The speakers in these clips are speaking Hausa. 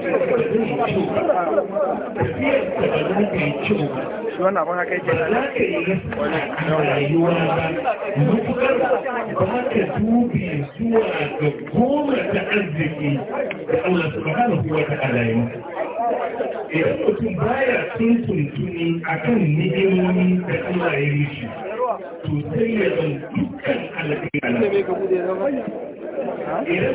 shi wannan abin haka yake rayuwa matukar ba ga goma ta da idan mutum baya sun tuntuni a kan ni'imomi da Allah ya yi shi to sai ya zan dukkan alaƙi idan ya da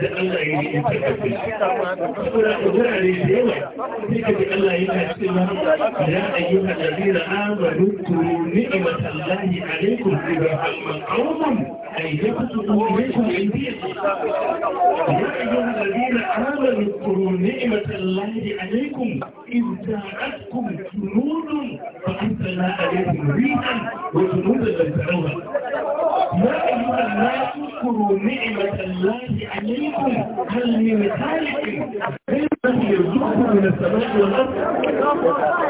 Allah ya yi ta kafin suna kudura ne da yawa suka ji Allah ya ta cewa ya ayyuka da zira amadu turu ni'imat Allah alaikum idan halman aumun ayyuka su kuma yanku yanzu ya ayyuka da zira amadu turu ni'imat Allah alaikum idan atkum tunudun fa'antala alaikum rihan wa tunudun da tarawa واذكروا نعمة الله عليكم هل من خالق كلمة يرزقكم من السماء والأرض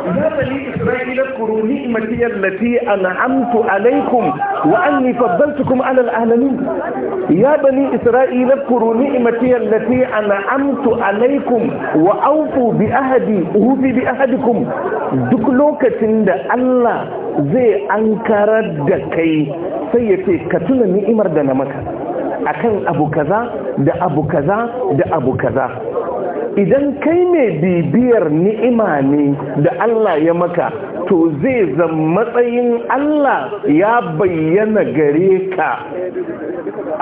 هذا لي إسرائيل اذكروا نعمتي التي أنعمت عليكم وأني فضلتكم على العالمين يا بني إسرائيل اذكروا نعمتي التي أنعمت عليكم وأوفوا بأهدي أوفي بأهدكم duk lokacin da Allah zai ankarar da kai sai ya ce ka tuna ni'imar da na maka akan abu kaza da abu kaza da abu kaza idan kai mai bibiyar ni'ima ne da Allah ya maka to zai zan matsayin Allah ya bayyana gare ka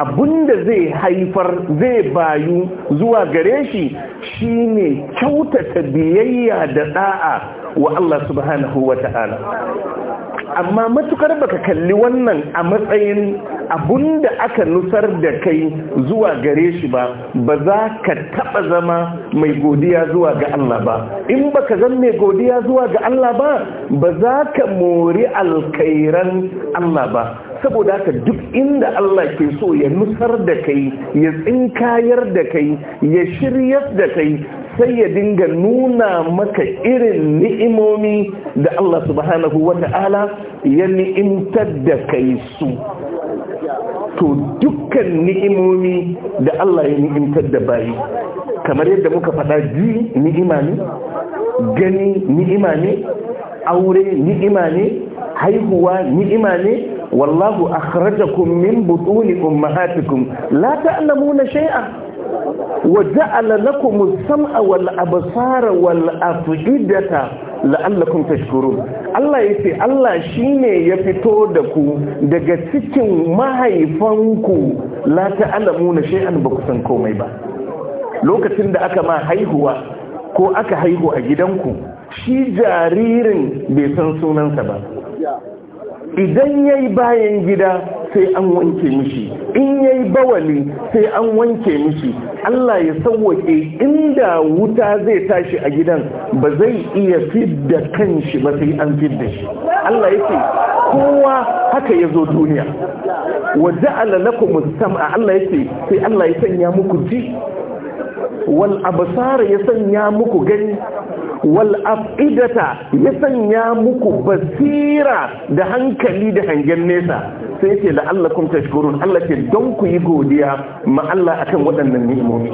abinda zai haifar zai bayu zuwa gare shi shine kyautata biyayya da da'a wa Allah subhanahu wa ta'ala amma matukar baka kalli wannan a matsayin abunda aka nusar da kai zuwa gare shi ba ba za ka taba zama mai godiya zuwa ga Allah ba in baka zan mai godiya zuwa ga Allah ba ba za ka mori alkairan Allah ba saboda haka duk inda Allah ke so ya nusar da kai ya tsinkayar da kai ya shiryar da kai sai ya dinga nuna maka irin ni'imomi da Allah subhanahu wa ta'ala ya ni'imtar da kai su to dukkan ni'imomi da Allah ya ni'imtar da bayi kamar yadda muka faɗa ji ni'ima ne gani ni'ima ne aure ni'ima ne haihuwa ni'ima ne wallahu akhrajakum min butuni ummahatikum la ta'lamuna shay'a wa ja'ala lakum as-sam'a wal absara wal afidata la'allakum tashkurun Allah yace Allah shine ya fito da ku daga cikin mahaifanku la ta'lamuna shay'an ba ku san komai ba lokacin da aka ma haihuwa ko aka haihu a gidanku shi jaririn bai san sunansa ba idan ya yi bayan gida sai an wanke mishi in ya yi bawali sai an wanke mishi Allah ya sauwake inda wuta zai tashi a gidan ba zai iya fidda kanshi ba sai an fidda shi Allah ya ce kowa haka ya zo duniya waje alalaku musamman a Allah ya ce sai Allah ya sanya muku ji wal abasara ya sanya muku gani wal afidata ya sanya muku basira da hankali da hangen nesa sai ce la'allakum tashkurun Allah ce don ku yi godiya ma Allah akan waɗannan ni'imomi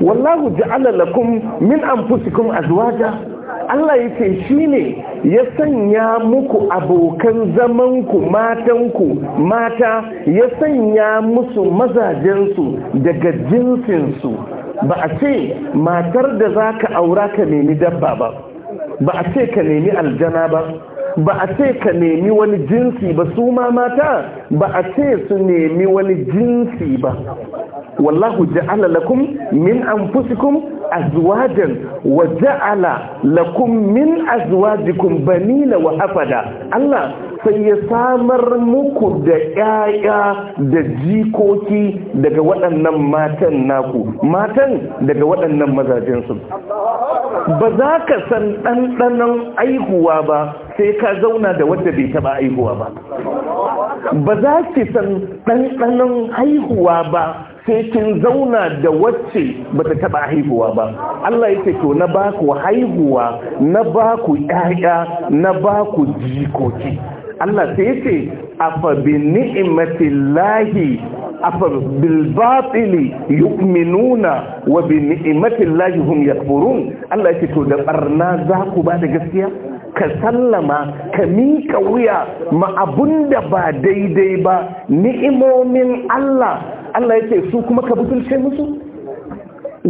wallahu ja'ala lakum min anfusikum azwaja Allah ya ce shi ne ya sanya muku abokan zamanku matanku mata ya sanya musu mazajensu daga jinsinsu ba a ce matar da za ka aura ka nemi dabba ba ba a ce ka nemi aljana ba ba a ce ka nemi wani jinsi ba su ma mata ba a ce su nemi wani jinsi ba wallahu ja'ala lakum min anfusikum azwajan wa ja'ala lakum min azwajikum banina wa hafada Allah sai ya samar muku da ƴaƴa da jikoki daga waɗannan matan naku matan daga waɗannan mazajensu ba za ka san ɗanɗanon aihuwa ba sai ka zauna da wadda bai taba haihuwa ba ba za ki san ɗanɗanon haihuwa ba sai kin zauna da wacce ba ta taba haihuwa ba Allah yake to na baku haihuwa na baku ƴaƴa na baku jikoki Allah sai a afa bi ni'matillahi afa bil batili yu'minuna wa bi ni'matillahi hum yakfurun Allah yake to da ɓarna za ku ba da gaskiya ka sallama ka miƙa wuya ma abun da ba daidai ba ni'imomin Allah Allah yake su kuma ka butulce musu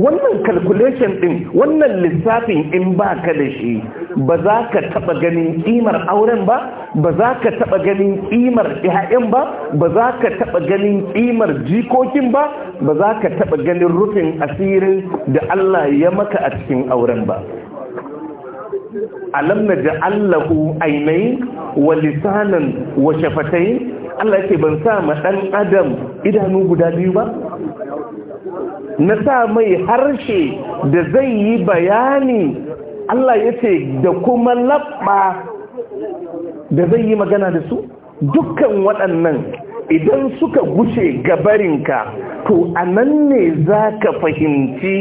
wannan calculation din wannan lissafin in ba ka da shi ba za ka taba ganin kimar auren ba ba za ka taba ganin kimar ƴaƴan ba ba za ka taba ganin kimar jikokin ba ba za ka taba ganin rufin asirin da Allah ya maka a cikin auren ba alam ji allahu ainihi wa lisanan wa shafatai Allah ke ban sa ma ɗan adam idanu guda biyu ba na sa mai harshe da zai yi bayani Allah ya ce da kuma labba da zai yi magana da su dukkan waɗannan idan suka guce gabarinka to anan ne za ka fahimci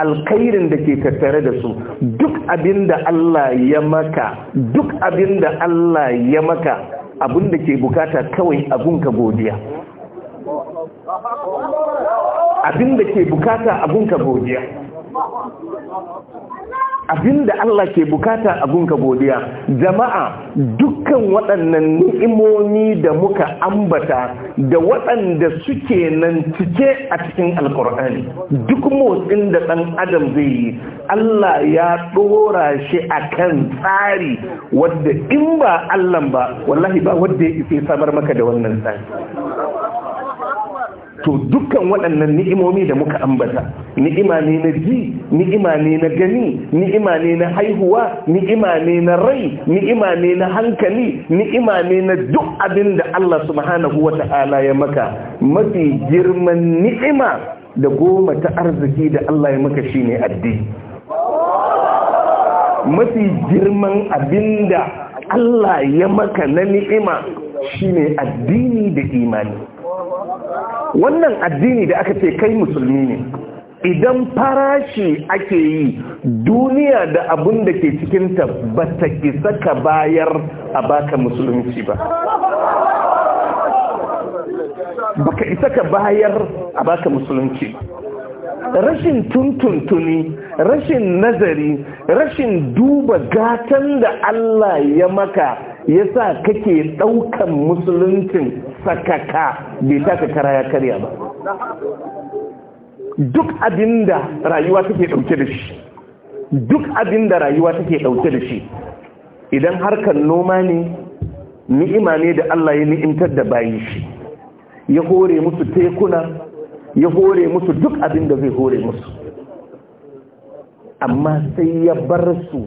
alkhairin da ke tattare da su duk abin da Allah ya maka duk abin da Allah ya maka abin da ke bukata kawai ka godiya abin da ke bukata ka godiya abinda Allah ke bukata a gunka godiya jama'a dukkan waɗannan ni'imomi da muka ambata da waɗanda suke nan cike a cikin alkur'ani duk motsin da ɗan adam zai yi Allah ya ɗora shi a kan tsari wadda in ba Allah ba wallahi ba wadda ya isa samar maka da wannan tsari to dukkan waɗannan ni'imomi da muka ambata ni'ima ne na ji ni'ima ne na gani ni'ima ne na haihuwa ni'ima ne na rai ni'ima ne na hankali ni'ima ne na duk abin da Allah subhanahu wa ta'ala ya maka mafi girman ni'ima da goma ta arziki da Allah ya maka shine addini mafi girman abin da Allah ya maka na ni'ima shine addini da imani wannan addini da aka ce kai musulmi ne idan farashi ake yi duniya da abun da ke cikinta ba ta isa ka bayar a baka musulunci ba baka isa ka bayar a baka musulunci rashin tuntuntuni rashin nazari rashin duba gatan da Allah ya maka Ya sa kake ɗaukan musuluncin sakaka bai taka kara ya karya ba duk abin da rayuwa take ɗauke da shi duk abin da rayuwa take ɗauke da shi idan harkar noma ne ni'ima ne da Allah ya ni'imtar da bayi shi ya hore musu tekuna ya hore musu duk abin da zai hore musu amma sai ya bar su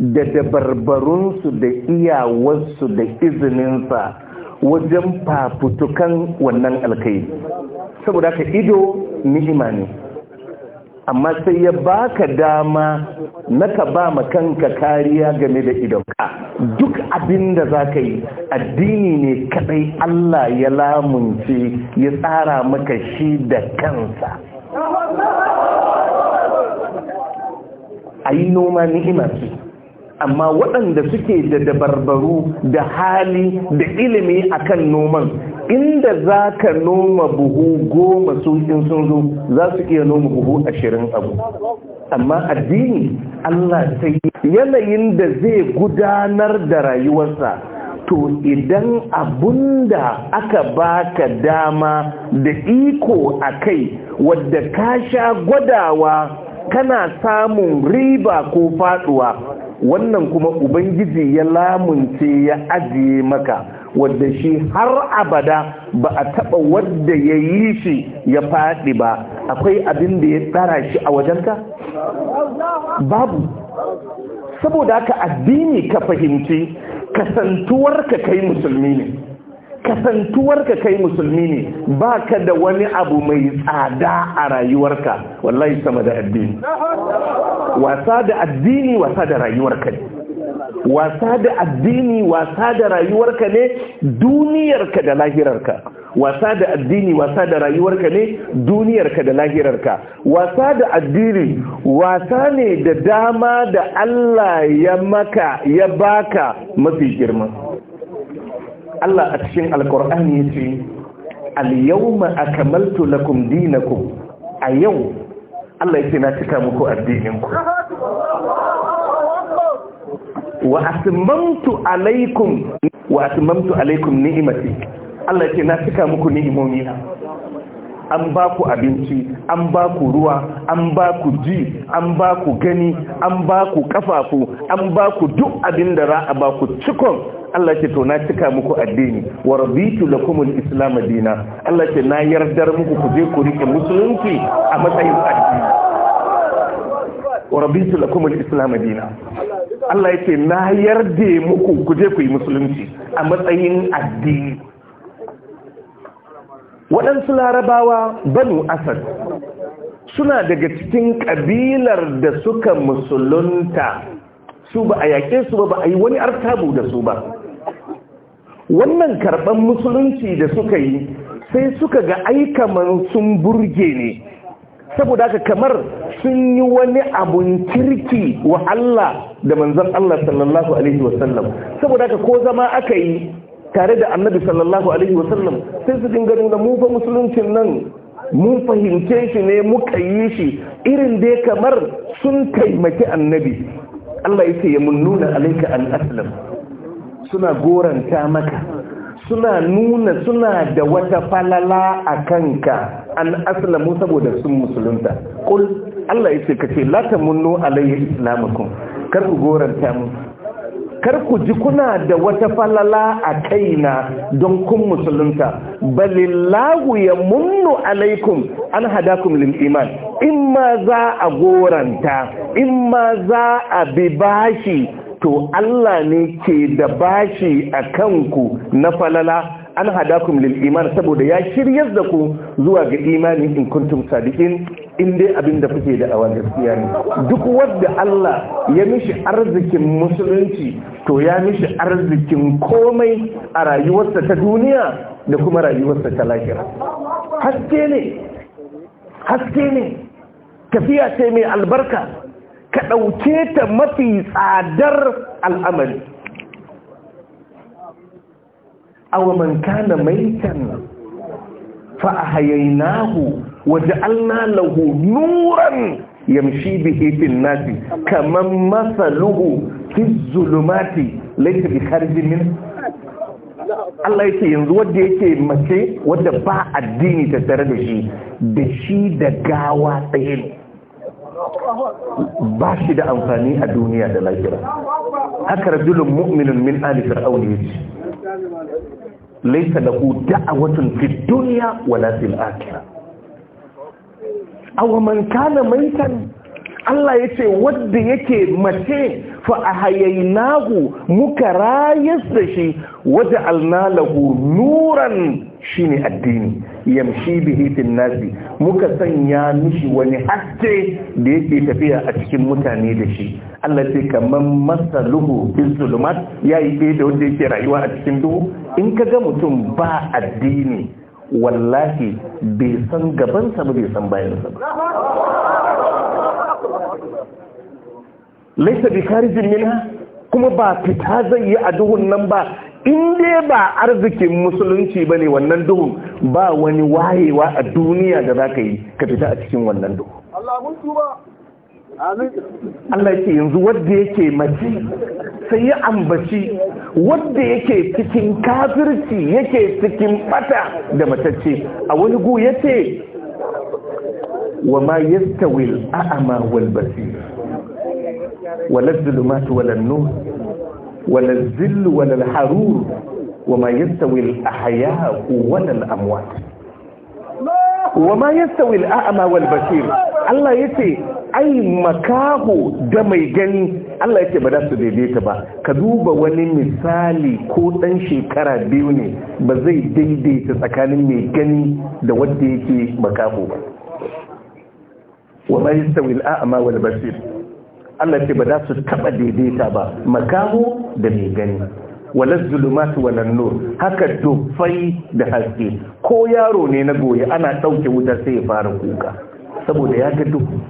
da dabarbarunsu da iyawarsu da izininsa wajen fafutukan wannan alkai saboda ka ido ni'ima ne amma sai ya baka dama na ka ba kanka kariya game da ido. duk abin da za ka yi addini ne kadai Allah ya lamunce ya tsara maka shi da kansa a yi noma ni'ima ce amma waɗanda suke da dabarbaru da hali da ilimi akan noman inda za ka noma buhu goma su sun zo za su iya noma buhu ashirin abu amma addini Allah sai yanayin da zai gudanar da rayuwarsa to idan abunda aka baka dama da iko a kai wadda ka sha gwadawa kana samun riba ko faduwa wannan kuma ubangiji ya lamunce ya ajiye maka wadda shi har abada ba a taba wadda ya yi shi ya faɗi ba akwai abin da ya tsara shi a wajenka babu saboda haka addini ka fahimci kasantuwar ka kai musulmi ne kasantuwarka kai musulmi ne ba ka da wani abu mai tsada a rayuwarka wallahi sama da addini wasa da addini wasa da rayuwarka ne wasa da addini wasa da rayuwarka ne duniyarka da lahirarka wasa da addini wasa da rayuwarka ne duniyarka da lahirarka wasa da addini wasa ne da dama da Allah ya maka ya baka mafi girma Allah a cikin alkur'ani ya ce al-yawma akamaltu lakum dinakum a yau Allah ya ce na cika muku addininku wa atmamtu alaikum wa atmamtu alaikum ni'imati Allah ya ce na cika muku ni'imomi na an ba ku abinci an ba ku ruwa an ba ku ji an ba ku gani an ba ku kafafu an ba ku duk abin da ra'a ba ku cikon Allah ce to na cika muku addini wa raditu lakum al-islam dina Allah ce na yardar muku ku je ku rike musulunci a matsayin addini wa raditu lakum al-islam dina Allah ya ce na yarde muku ku je ku yi musulunci a matsayin addini waɗansu larabawa banu asad suna daga cikin ƙabilar da suka musulunta su ba a yaƙe su ba ba a yi wani artabu da su ba wannan karɓar musulunci da suka yi sai suka ga aikaman sun burge ne saboda haka kamar sun yi wani abun kirki wa Allah da manzan Allah sallallahu Alaihi wasallam saboda haka ko zama aka yi tare da annabi sallallahu alaihi wasallam sai su dinga nuna mu fa musuluncin nan mun fahimce shi ne muka yi shi irin dai kamar sun taimaki annabi Allah yake ya mun nuna alaika an aslam suna goranta maka suna nuna suna da wata falala a kanka an aslamu saboda sun musulunta kul Allah yake kace la tamunnu alayhi islamakum kar ku goranta mu kar ku ji kuna da wata falala a kaina don kun musulunta balillahu ya munnu alaikum an hadakum lil iman in ma za a goranta in ma za a bi bashi to Allah ne ke da bashi a kanku na falala an hadakum lil iman saboda ya shiryar da ku zuwa ga imani in kuntum sadiqin in dai abin da kuke da awa gaskiya ne duk wanda Allah ya mishi arzikin musulunci to ya mishi arzikin komai a rayuwarsa ta duniya da kuma rayuwarsa ta lahira haske ne haske ne tafiya ce mai albarka ka ɗauke ta mafi tsadar al'amari awa man kana maitan fa ahayainahu وجعلنا له نورا يمشي به في الناس كمن مثله في الظلمات ليس بخارج منه Allah yake yanzu wadda yake mace wadda ba addini ta tare da shi da shi da gawa tsaye ba shi da amfani a duniya da lahira haka rajulun mu'minin min ali fir'aun yace laysa lahu da'watun fid dunya wala fil akhirah awa man kana maitan Allah ya ce wadda yake mace fa a hayainahu muka rayas da shi wata alnalahu nuran ne addini yamshi da fil nasi muka sanya mishi wani haske da yake tafiya a cikin mutane da shi Allah sai kamar masaluhu ya zulumat yayi da wanda yake rayuwa a cikin duhu in ka ga mutum ba addini wallahi bai san gabansa ba bai san bayansa ba laisa bi karijin minha kuma ba fita zai yi a duhun nan ba in dai ba arzikin musulunci ba ne wannan duhun ba wani wayewa a duniya da za ka yi ka fita a cikin wannan duhu. Allah ke yanzu wadda yake mace sai ya ambaci wadda yake cikin kafirci yake cikin bata da matacce a wani gu ya ce. wa ma yastawi al-a'ma wal basir wala dhulumatu wala nur wala dhillu wala harur wa ma yastawi al-ahya'u wala al-amwat wa ma yastawi al-a'ma wal basir Allah yace ai makaho da mai gani Allah ya ba za su daidaita ba ka duba wani misali ko ɗan shekara biyu ne ba zai daidaita tsakanin mai gani da wanda yake makaho ba wa ma al-a'ma wal basir Allah ya ba za su taba daidaita ba makaho da mai gani wala zulumatu wala nur haka dufai da haske ko yaro ne na goye ana ɗauke wuta sai ya fara kuka saboda ya ga duhu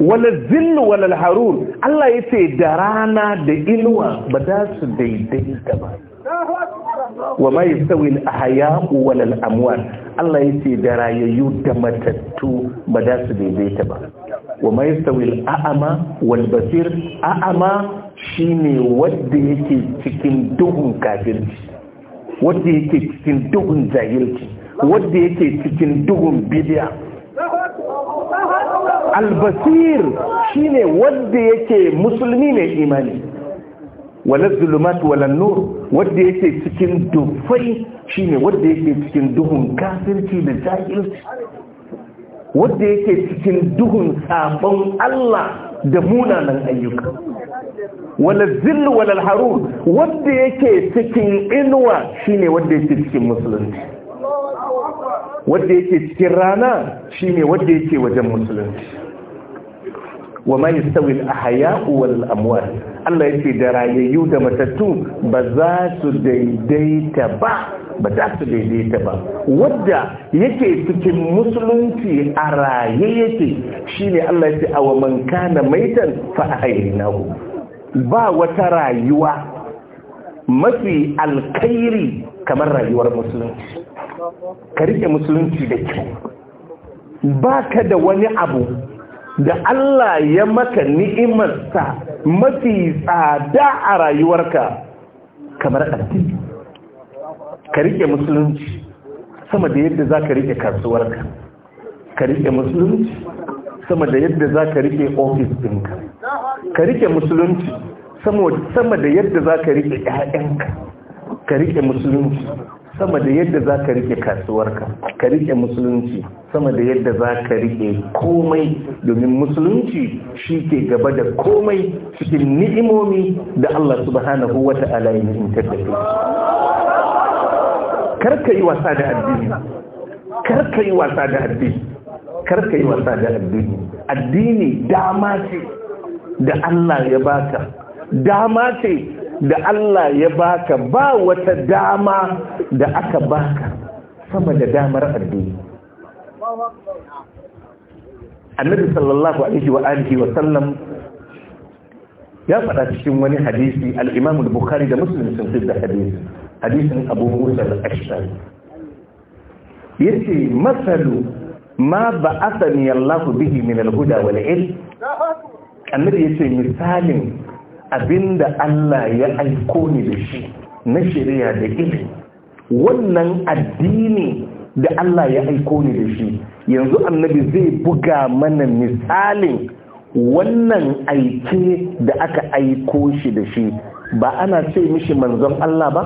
wala zillu wala harur Allah ya da rana da inuwa ba za su da ba wa ma yastawi al-ahya'u wal amwat Allah ya da rayayyu da matattu ba za su daidaita ba wa ma yastawi al-a'ma wal basir a'ma shine wanda yake cikin duhun kafirci wanda yake cikin duhun jahilci wanda yake cikin duhun bid'a albasir shine wanda yake musulmi mai imani walar zulumat walar nur wadda yake cikin dufai shine wadda yake cikin duhun kafirci da jahilci wadda yake cikin duhun sabon Allah da munanan ayyuka walar zillu walar harur wadda yake cikin inuwa shine wadda yake cikin musulunci wadda yake cikin rana shine wadda yake wajen musulunci wa ma yastawi al-ahya'u wal amwat Allah yace da rayayyu da matattu ba za su daidaita ba ba za su daidaita ba wadda yake cikin musulunci a raye yake shine Allah yace aw man kana maitan fa ahyaynahu ba wata rayuwa mafi alkhairi kamar rayuwar musulunci ka rike musulunci da kyau Ba ka da wani abu da Allah ya maka ni'imarsa mafi tsada a rayuwarka kamar addini ka rike musulunci sama da yadda za ka rike kasuwarka ka rike musulunci sama da yadda za ka rike ofis ɗinka ka rike musulunci sama da yadda za ka rike 'ya'yanka ka rike musulunci sama da yadda za ka rike kasuwarka ka rike musulunci sama da yadda za ka rike komai domin musulunci shi ke gaba da komai cikin ni'imomi da Allah subhanahu wa ta'ala ya ni'imtar da su karka yi wasa da addini karka yi wasa da addini wasa da addini addini dama ce da Allah ya baka dama ce da Allah ya baka ba wata dama da aka baka sama da damar addini annabi sallallahu alaihi wa wa sallam ya faɗa cikin wani hadisi al bukhari da Muslim sun fi da hadisi hadisin Abu Musa al Ya ce masalu ma ba ba'athani Allah bihi min al-huda wal ilm ya ce misalin abinda Allah ya aiko ni da shi na shari'a da ilimi wannan addini da Allah ya aiko ni da shi yanzu annabi zai buga mana misalin wannan aike da aka aiko shi da shi ba ana ce mishi manzon Allah ba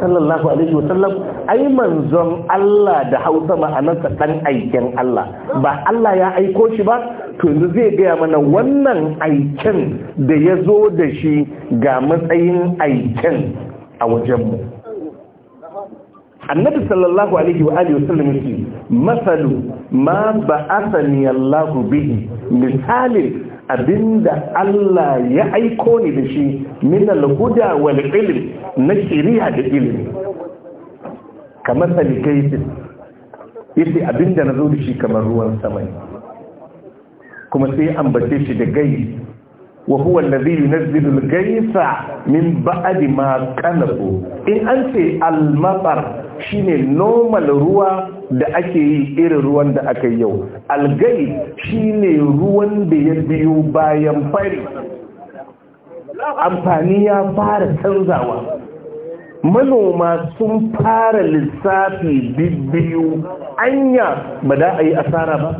sallallahu alaihi wa sallam ai manzon Allah da Hausa ma'anarsa dan aiken Allah ba Allah ya aiko shi ba to yanzu zai gaya mana wannan aiken da ya zo da shi ga matsayin aiken a wajenmu annabi sallallahu alaihi wa alihi wasallam yake masalu ma ba asani Allah bihi misalin abinda Allah ya aiko ni da shi min al-huda wal ilm na shari'a da ilimi kamar salikaitin yace abinda nazo da shi kamar ruwan sama kuma sai ambace shi da gai wa huwa allazi yunzilu al-ghaytha min ba'di ma in an ce al-matar shine normal ruwa da ake yi irin ruwan da aka yi yau al shi shine ruwan da ya biyo bayan fari amfani ya fara canzawa manoma sun fara lissafi bibbiyu anya ba da a yi asara ba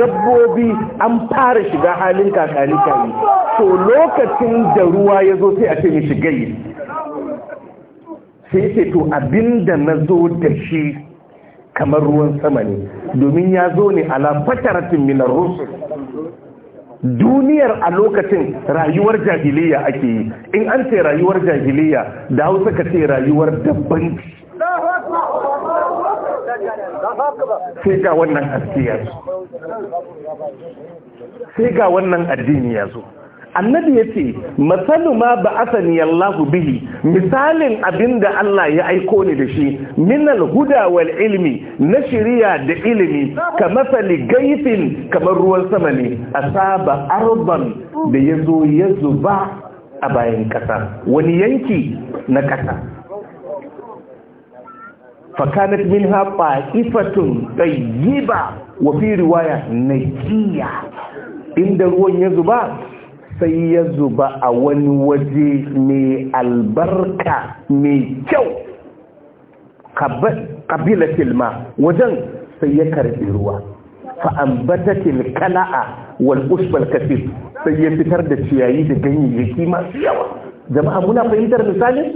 dabbobi an fara shiga halin kakani kayi to lokacin da ruwa ya zo sai a ce mishi gayi sai ce to abinda na zo da shi kamar ruwan sama ne domin ya zo ne ala fataratin minar rusul duniyar a lokacin rayuwar jahiliya ake yi in an ce rayuwar jahiliya da hausa ka ce rayuwar dabban sai ga wannan aski yazo sai ga wannan addini ya annabi ya ce matsalu ma ba sani Allahu bihi misalin abin da Allah ya aiko ni da shi minal huda wal ilmi na shiriya da ilimi ka matsali gaifin kamar ruwan sama ne a saba arban da ya zo ya zuba a bayan ƙasa wani yanki na ƙasa fakanat min ha fa'ifatun tsayiba wa fi riwaya najiya inda ruwan ya zuba sai ya zuba a wani waje mai albarka mai kyau kabila filma wajen sai ya karbi ruwa fa'ambatatil kala'a wal usbal sai ya fitar da ciyayi da ganyayyaki masu yawa jama'a muna fahimtar misalin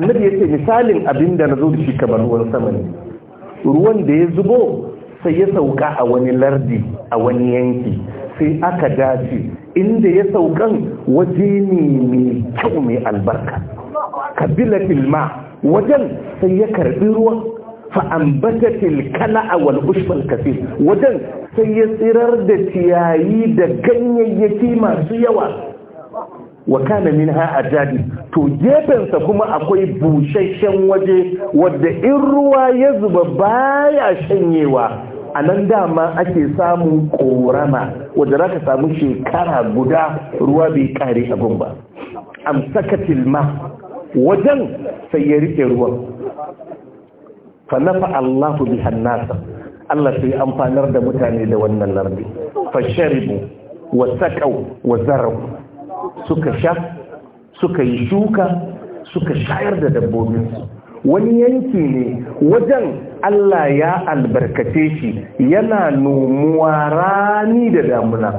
annabi ya ce misalin abin da na zo da shi kamar ruwan sama ne ruwan da ya zubo sai ya sauka a wani lardi a wani yanki sai aka dace inda ya saukan waje ne mai kyau mai albarka kabilatil ma wajen sai ya karbi ruwan fa'ambatatil kala'a a ushbal kafin. wajen sai ya tsirar da ciyayi da ganyayyaki masu yawa wa kana minha jadi to gefensa kuma akwai busasshen waje wadda in ruwa ya zuba baya shanyewa a nan dama ake samun korama wadda za ka samu shekara guda ruwa bai kare abin ba amsakatil tilma wajen sai ya rike ruwan fa nafa Allahu bi hannasa Allah sai amfanar da mutane da wannan lardi fa sharibu wa Sakau wa Zarau suka sha suka yi shuka suka shayar da dabbobinsu wani yanki ne wajen Allah ya albarkace shi yana nomuwa rani da damuna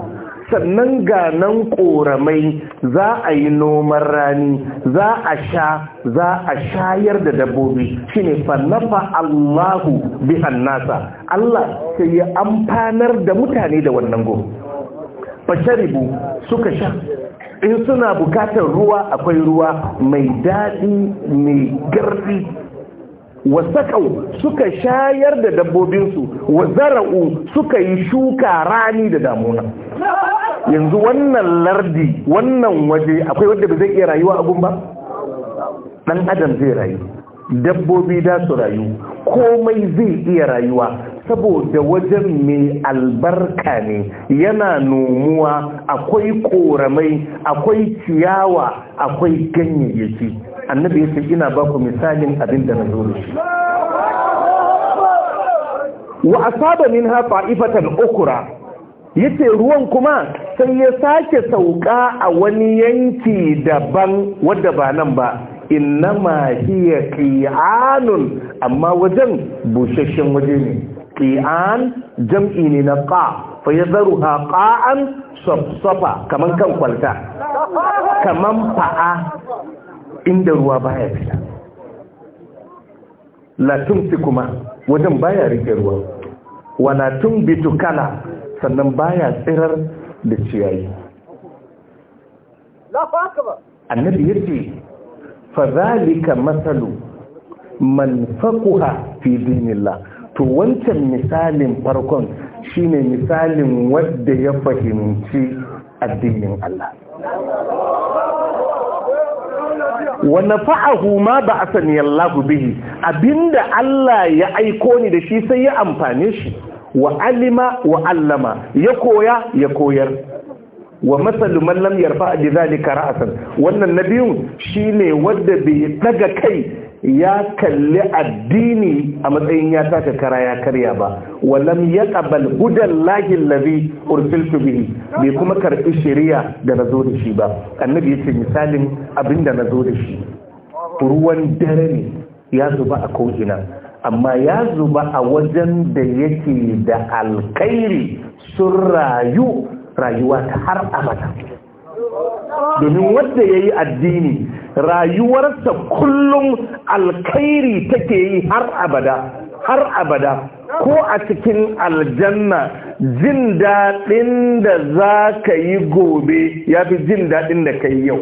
sannan ga nan ƙoramai za a yi noman rani za a sha za a shayar da dabbobi Shi ne fannafa Allahu bi nasa Allah sai ya amfanar da mutane da wannan gobe fasharibu suka sha in suna bukatar ruwa akwai ruwa mai daɗi mai garri wasakau suka shayar da dabbobinsu wa zara'u suka yi shuka rani da damuna yanzu wannan lardi wannan waje akwai wadda ba zai iya rayuwa a ba dan adam zai rayu dabbobi da su rayu komai zai iya rayuwa saboda wajen mai albarka ne yana nomuwa akwai koramai akwai ciyawa akwai ganyayyaki annabi yace ina ba ku misalin abin da na zo da shi wa asaba min ha fa'ifatan ukura yace ruwan kuma sai ya sake sauka a wani yanki daban wadda ba nan ba innama hiya qi'anun amma wajen bushashen waje ne qi'an jam'i ne na qa fa yadharuha qa'an safsafa kaman kan kwalta kaman fa'a inda ruwa baya fita la tumsi kuma wajen baya rike ruwa wala tumbitu kala sannan baya tsirar da ciyayi annabi yace fa zalika masalu man faquha fi dinillah to wancan misalin farkon shine misalin wadda ya fahimci addinin Allah wa nafa'ahu ma ba'athani Allahu bihi abinda Allah ya aiko ni da shi sai ya amfane shi wa alima wa allama ya koya ya koyar wa masalu man lam yarfa bi a san. wannan nabiyun shine wanda bai daga kai ya kalli addini a matsayin ya taka kara ya karya ba ya yaqbal hudan lahi allazi ursiltu bihi bai kuma karɓi shari'a da nazo da shi ba annabi yace misalin abinda zo da shi ruwan dare ne ya zuba a ko'ina amma ya zuba a wajen da yake da alkairi sun rayu rayuwa ta har abada domin wanda ya yi addini rayuwarsa kullum alkhairi take yi har abada har abada ko a cikin aljanna jin daɗin da za ka yi gobe ya fi jin daɗin da ka yi yau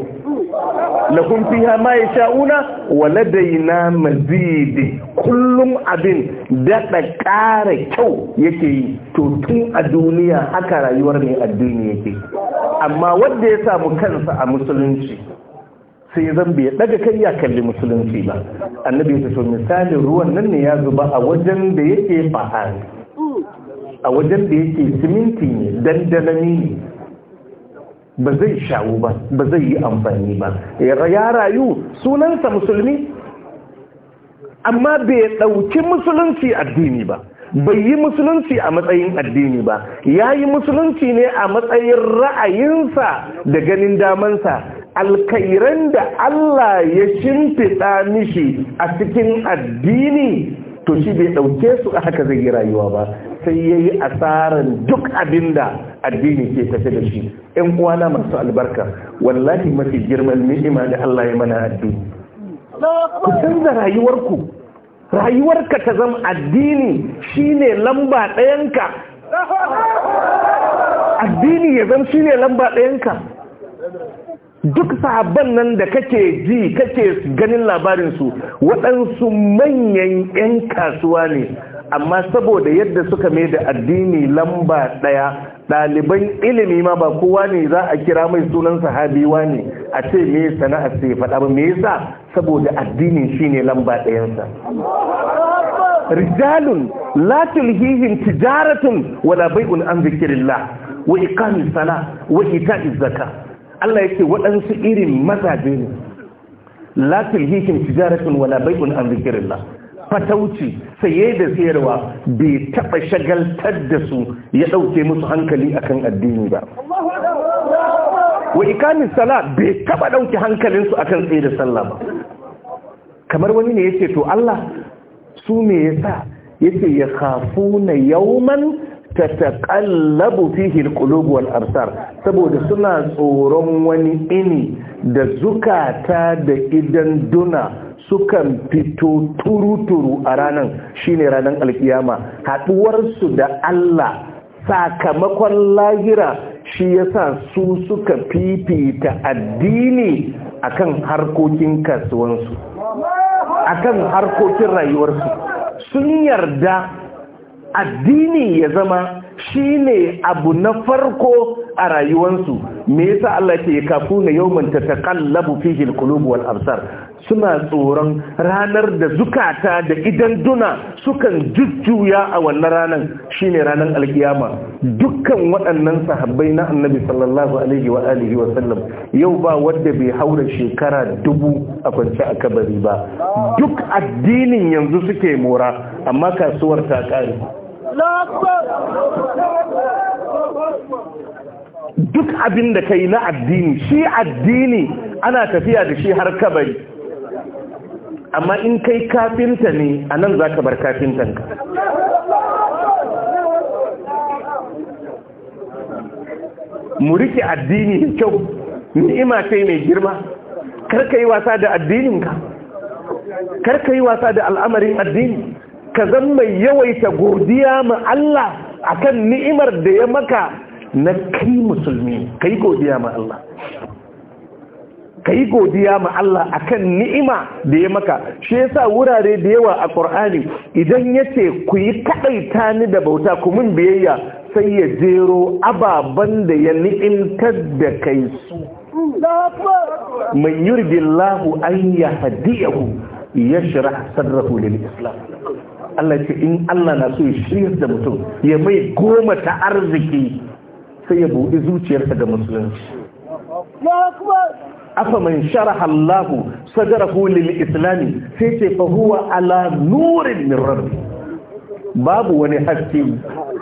lahum fiha ma yasha'una wa ladaina mazid kullum abin daɗa ƙara kyau yake yi to tun a duniya haka rayuwar ne addini yake amma wanda ya samu kansa a musulunci sai zan bai daga kai ya kalli musulunci ba annabi ya to misalin ruwan nan ne ya zuba a wajen da yake fahari a wajen da yake siminti ne dandanami ne ba zai shawo ba ba zai yi amfani ba ya rayu sunansa musulmi amma bai ɗauki musulunci addini ba bai yi musulunci a matsayin addini ba ya yi musulunci ne a matsayin ra'ayinsa da ganin damansa alkairan da Allah ya shimfiɗa mishi a cikin addini to shi bai ɗauke su a haka zai yi rayuwa ba sai ya yi asarar duk abinda addini ke tafi da shi ‘yan uwana masu albarka wallahi mafi girman ni'ima da Allah ya mana addini ku canza rayuwarku rayuwarka ta zama addini shine lamba ɗayanka addini ya zama shine lamba ɗayanka duk sahabban nan da kake ji kake ganin labarinsu waɗansu manyan 'yan kasuwa ne amma saboda yadda suka mai da addini lamba ɗaya ɗaliban ilimi ma ba kowa ne za a kira mai sunan sahabiwa ne a ce me sana'a sai faɗa ba me yasa saboda addini shine lamba ɗayansa rijalun la hihin tijaratun wala bai'un an zikrillah wa iqamis sala wa ita'iz zakah Allah ya ce waɗansu irin mazaje ne Latin hikin tijaratun wala bai'un an zikrillah fatauci saye da sayarwa bai taɓa shagaltar da su ya ɗauke musu hankali akan addini ba wa ikamin sala bai taba dauke hankalin su akan tsaye da sallah ba kamar wani ne yace to Allah su me yasa yace ya khafuna yawman tataqallabu fihi alqulub wal absar saboda suna tsoron wani ini da zukata da idan duna sukan fito turuturu a ranan shine ranar alkiyama haɗuwarsu da Allah sakamakon lahira shi yasa su suka fifita addini akan harkokin kasuwansu akan harkokin rayuwarsu sun yarda addini ya zama shine abu na farko a rayuwarsu, me yasa Allah ke kafu kafuna yawman tataqallabu fihi alqulub wal absar suna tsoron ranar da zukata da idan duna sukan jujjuya a wannan ranar shine ranar alkiyama dukkan waɗannan sahabbai na annabi sallallahu alaihi wa alihi wa sallam yau ba wanda bai haura shekara dubu a kwance a kabari ba duk addinin yanzu suke mora amma kasuwar ta ƙare duk abin da kai na addini shi addini ana tafiya da shi har kabari amma in kai kafinta ne a nan za ka bar kafintanka mu rike addini da kyau ni'ima ce mai girma karka yi wasa da addininka karka yi wasa da al'amarin addini ka zan mai yawaita godiya ma Allah akan ni'imar da ya maka na kai musulmi kai godiya ma Allah ka yi godiya ma Allah akan ni'ima da ya maka shi ya sa wurare da yawa a Ƙur'ani idan ya ce ku yi kaɗaita ni da bauta ku min biyayya sai ya jero ababan da ya ni'imtar da kai su man yuridillahu an ya yahdiyahu yashrah sarrafu da islam Allah ce in Allah na so ya shirya da mutum ya mai goma ta arziki sai ya buɗe zuciyarsa ga musulunci afa man sharaha Allahu sadrahu lil islami sai ce fa huwa ala nurin min rabbi babu wani haske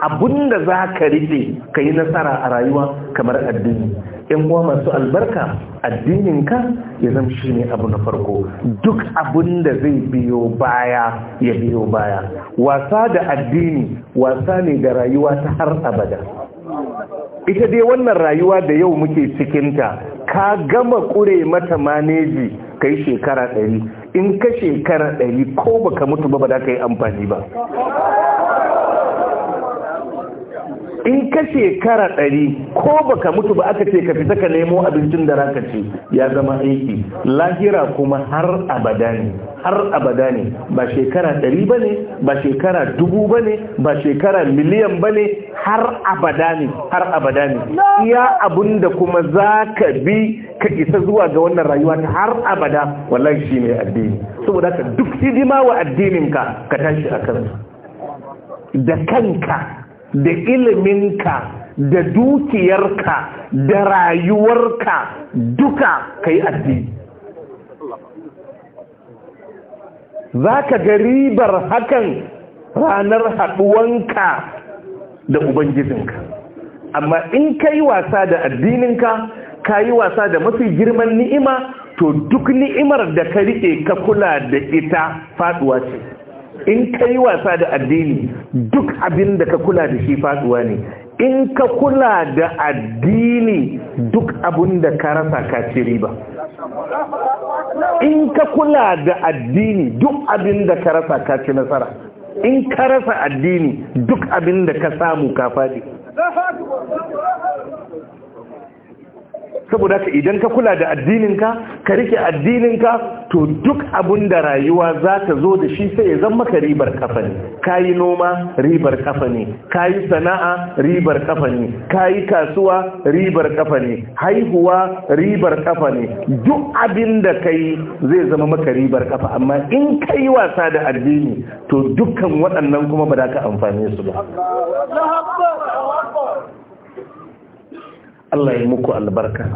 abunda za ka rike ka yi nasara a rayuwa kamar addini In uwa masu albarka addininka ya zama shi ne abu na farko duk abunda zai biyo baya ya biyo baya wasa da addini wasa ne da rayuwa ta har abada ita dai wannan rayuwa da yau muke cikinta ka gama ƙure mata maneji ka yi shekara ɗari in ka shekara ɗari ko baka mutu ba ba za ka yi amfani ba in ka shekara ɗari ko baka mutu ba aka ce ka fita ka nemo abincin da raka ce ya zama aiki lahira kuma har abada ne har abada ne ba shekara ɗari ba ne ba shekara dubu ba ne ba shekara miliyan ba ne har abada ne har abada ne iya da kuma za ka bi ka isa zuwa ga wannan rayuwa ta har abada wallahi shi ne addini saboda ka duk hidima wa addininka ka tashi a kansa da kanka da iliminka da dukiyarka da rayuwarka duka ka yi addini za ka ga ribar hakan ranar haɗuwanka da ubangijinka amma in ka yi wasa da addininka ka yi wasa da mafi girman ni'ima to duk ni'imar da ka riƙe ka kula da ita faduwa ce in ka yi wasa da addini duk abin da ka kula da shi faduwa ne in ka kula da addini duk abin da ka rasa ka ci riba in ka kula da addini duk abin da ka rasa ka ci nasara in ka rasa addini duk abin da ka samu ka faɗi saboda ka idan ka kula da addininka ka rike addininka to duk abun da rayuwa za ta zo da shi sai ya zama maka ribar kafa ne yi noma ribar kafa ne yi sana'a ribar kafa ne yi kasuwa ribar kafa ne haihuwa ribar kafa ne duk abin da yi zai zama maka ribar kafa amma in ka yi wasa da addini to dukkan waɗannan kuma ba za ka amfane su ba Allah yi muku albarka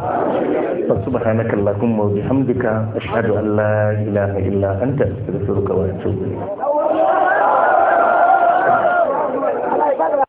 wasu subhanaka allahumma wa bihamdika ashhadu an la ilaha illa anta astaghfiruka wa atubu ilayk